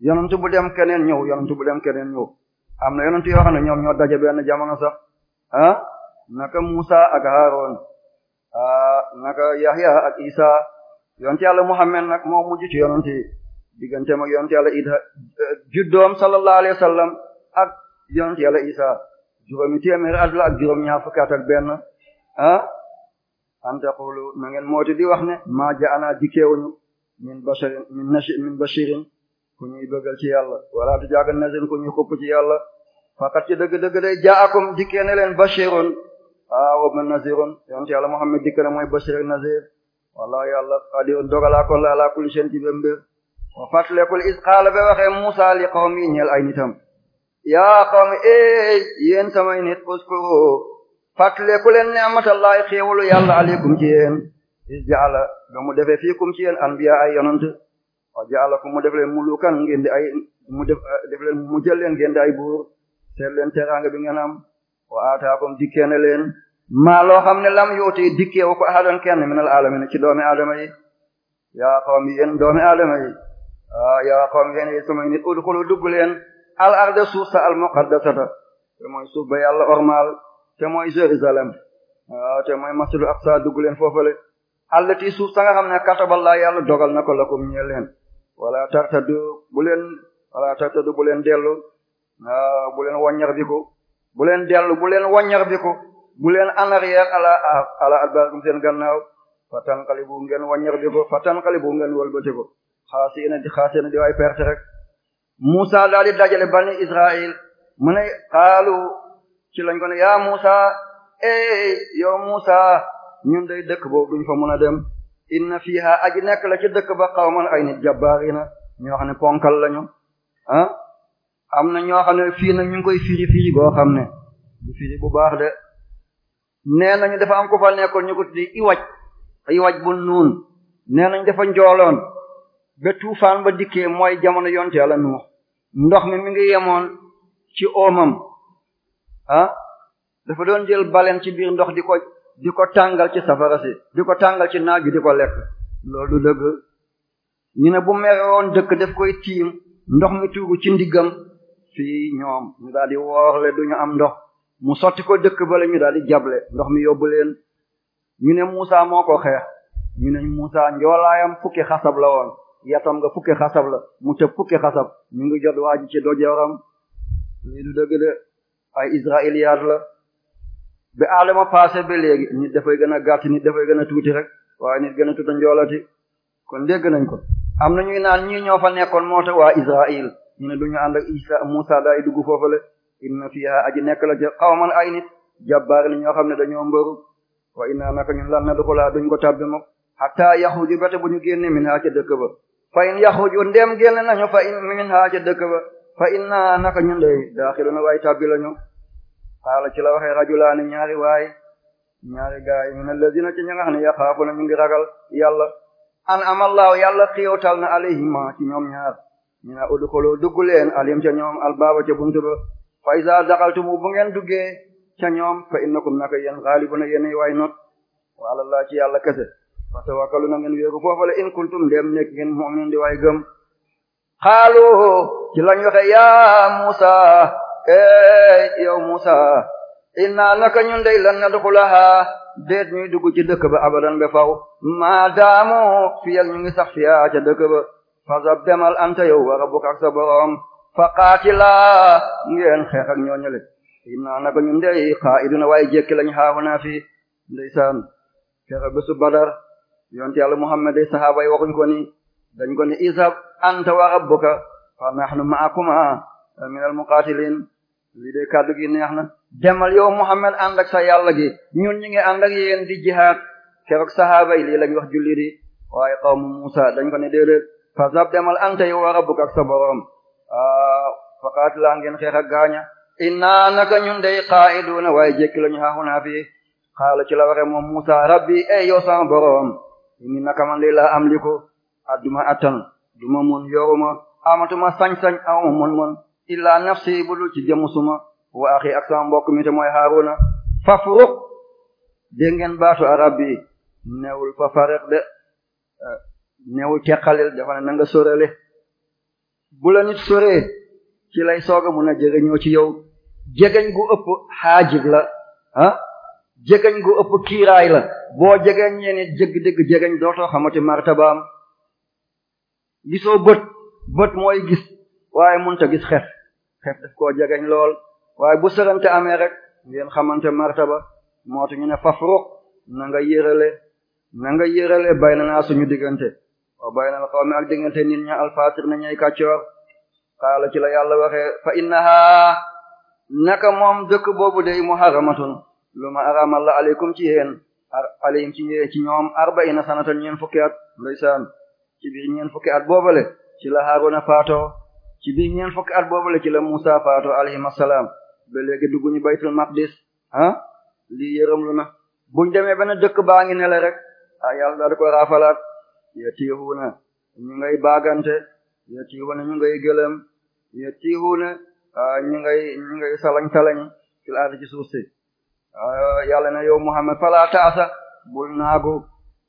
S1: yonent bu dem keneen ñëw yonent bu dem keneen ñëw am na yonent yoo xam ne ñoom ñoo daje benn jamono sax ah naka Musa ak Haaroon Ah, naka Yahya ak Isa yonte yàlla Muhammad nag moo mujj ci yonente yi digganteem ak yonte yàlla Isa eh, juddoom sallallahu alayhi wa sallam ak yonte yàlla Isa juróomi téeméer at la ak juróom ñaar fukki at ak benn ah an taqulu na ngeen mooti di wax ne maa jaana dikkeewuñu min basharin min nashi min bashirin ku ñuy bëggal ci yàlla wala tu jaaga nazin ku ñuy xupp ci yàlla faqat ci dëgg-dëgg day jaakum dikkee ne leen bashirun ah wa man nazirun yonent yàlla Muhammad dikk na mooy bashir nazir wala yàlla qadirun dogalaakoon la ala kulli shay'in ci bém mbér wa fatlekul is qaala ba waxee Musa li qawmi ñeel ay nitam yaa qawmi ey eh, yéen samay nit uskuru fàttaleku leen ni'matallahi xéewalu yàlla aleykum ci yéen is jaala ba mu defee fiikum ci yéen anbiya ay yonant wa jaalakum mu def leen mulukan ngeen ay mu def jël leen ngeen ay buur seet leen teraanga bi ngeen wa ataakum dikkee na leen maa loo xam ne lam yuuti dikkee wu ko ahadan kenn minal alamin ci doomi aadama yi yaa qawmi yéen doomi aadama yi ah yaa qawmi yi sumay nit udxulu dugg leen al arda suuf sa al muqaddasata te mooy suuf ba yàlla ormal te mooy Jérusalem ah te mooy masjidu aqsa dugg leen foofale allati suuf sa nga xam ne kataballaa yàlla dogal na ko lakum ñeel leen wala tartadu bu leen wala tartadu bu leen dellu ah, bu leen wàññar bi ko bu leen dellu bu leen wàññar bi ko bu leen en arrière ala ala adbaakum seen gannaaw fatan xali bu ngeen wàññar bi ko fatan xali bu ngeen wëlbati ko xaasi na di xaasi na di waay perte rek Musa daal di dajale bani Israël mu ne xaalu ci lañ ko ne yaa Musa ey yow Musa ñun day dëkk boo duñ fa mën a dem inna fiha aji nekk la ci dëkk ba xawman ay nit jabbaarina ñoo xam ne ponkal lañu ah am na ñoo xam ne fii nag ñu ngi koy firi firi goo xam ne du firi bu baax de nee nañu dafa am ko fa nekkoon ñu ko tuddi iwaj iwaj bu nuun nee nañ dafa njooloon ba tuufaan ba dikkee mooy jamono yonte yàlla nuux ndox mi mi ngi yemoon ci oomam ah dafa doon jël baleen ci biir ndox di ko di ko tàngal ci safara si di ko tàngal ci naaj bi di ko lekk loolu dëgg ñu ne bu meroon dëkk daf koy tiim ndox mi tuuru ci ndiggam fii ñoom ñu daal di woorle du ñu am ndox mu sotti ko dëkk bale ñu daal di jable ndox mi yóbbu leen ñu ne Musa moo ko xeex ñu ne Musa njoolaayam fukki xasab la woon yatam nga fukki xasab la mu tëb fukki xasab mu ngi jot waa ji ci dojoram lii du dëgg de ay israiliyaat la ba aadama passé ba léegi nit dafay gën a gàtt nit dafay gën a tuuti rek waaye nit gën a tuuta njoolati kon dégg nañ ko am na ñuy naan ñii ñoo fa nekkoon moo te waa Israël ñu ne duñu ànd ak Isa Musa daay dugg foofale inna fiha aji nekk la xawman ay nit jabbaar li ñoo xam ne dañoo mbaru wa inna naka ñun lan na du ko laa duñ ko tàbbi mukk hatta yaxruju bete bu ñu génne min haa ca dëkk ba fa in yaxruju ndem génne nañu fa in min haa ca dëkk ba fa inna naka ñun day daaxiluna waay la lañu xaala ci la waxee rajulaani ñaari waay ñaari gaay min allazina ci ña nga xam ne yaxaafuna ñu ngi ragal yàlla an amallaahu yàlla xéewtal na alayhima ci ñoom ñaar ñu ne udxulu dugg leen alim ca ñoom albaaba ca buntu ba fa iza daxaltumu bu ngeen duggee ca ñoom fa innakum naka yéen na yéenay waay not wa ala allah ci yàlla kese fa tawakkalu na ngeen wéeru foofale in kuntum dem nekk ngeen mu'minin di waay gëm xaalu ci lañ waxe ya Musa e yow Musa inna naka ñun dey lan nadxulaha déet ñuy dugg ci dëkk ba abadan ba faw maadaamu fi yal ñu ngi sax fiya ca dëkk ba fazab demal anta yow wa rabbuka ak sa boroom fa qaatilaa ngeen xeex ak ñooñale inna naka ñun dey qaa'iduna waaye jekki lañu haahuna fi ndeysaan kera bésu badar yonte yàlla muhammad day sahaaba yi waxuñ ko ni dañ ko ni izhab anta wa rabbuka fa nahnu ma'akuma minal muqaatiliin lii de kàddu gi neex na demal yow muhammad ànd sa yàlla gi ñun ñi ngi ànd ak di jihaad keroog sahaaba yi lii lañ wax julli di waaye qawmu muusa dañ ko ne déedéet fasab demal anta yow wa rabbuka ak sa boroom ah, faqaatilaa ngeen xeex ak gaaña inna naka ñun day qaa'iduuna waaye jékki lañu xaaxunaa fii ci la waxe moom Musa rabbi ey yow boroom inni naka laa amliku adduma attan duma mun yoruma amatuma sañ-sañ awma mun mun illaa nafsi budul ci wa axi ak mbokk mi te mooy Haaruna fafruq dégg ngeen baatu arab bi newul fa fariq de newu teqalil dafa ne na nga sorale bu la nit soree ci lay soog a mun a jëgañoo ci yow jegeñ gu ëpp xaajib la ah jegeñ gu ëpp kiiraay la boo jegeñ ñeene jëgg dëgg jegeñ dootoo xamati martabaam gisoo bët bët mooy gis waaye munta gis xef xef ko koo jegeñ lool waaye bu sërante amee ngeen xamante martaba moo tax ñu ne fafruq na nga yërale na nga yërale bay na naa suñu diggante wa baynal qawmi ak diggante nit ña alfasir na ñay kàccoor xaala ci la yàlla waxee fa innaha naka moom dëkk boobu day muharramatun lu ma aramal la aleykum ci yéen aleyhim ci yéen ci ñoom arbaina sanatan ñeen fukki at ndeysaan ci biir ñeen fukki at boobale ci la Haaruna faatoo ci biir ñeen fukki at boobale ci la Musa faatoo alayhim assalaam ba léegi dugguñu baytul maqdis ah lii yërëm lu na buñ demee benn dëkk baa ngi ne rek ah yàlla daal di ko raafalaat yatiixuuna ñu ngay baagante yatiixuuna ñu ngay gëlëm ya ñu ngay ñu ngay salañ salañ fil ardi ci suuf si yàlla na yow Muhammad fala taasa bul naagu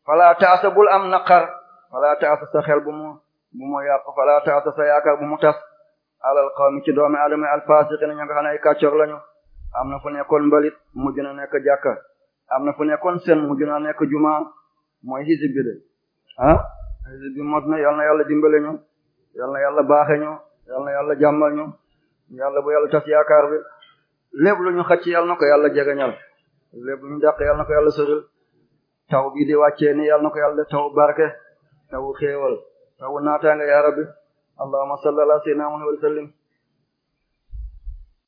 S1: fala taasa bul am naqar fala sa xel bu mu bu mu yàqu fala sa yaakaar bu mu tas alal qawmi ci doomi adama alfasiqina ñu nga xam ne ay kàccor lañu am na fu nekkoon mbalit mujj na nekk jàkka am na fu nekkoon seen mujj nekk juma mooy hizib ah bi mot na yal na yàlla dimbale ñu yal na yàlla baaxe ñu yal na yàlla jàmmal ñu yàlla bu yàlla tas yaakaar bi lépp lu ñu xacc yal na ko yàlla jegeñal lépp lu ñu dàq yal na ko yàlla soril taw bii di wàccee ni yal na ko yàlla taw barke taw xéewal taw naataange ya rabbi allahumma salli ala sayyidina muhammad wa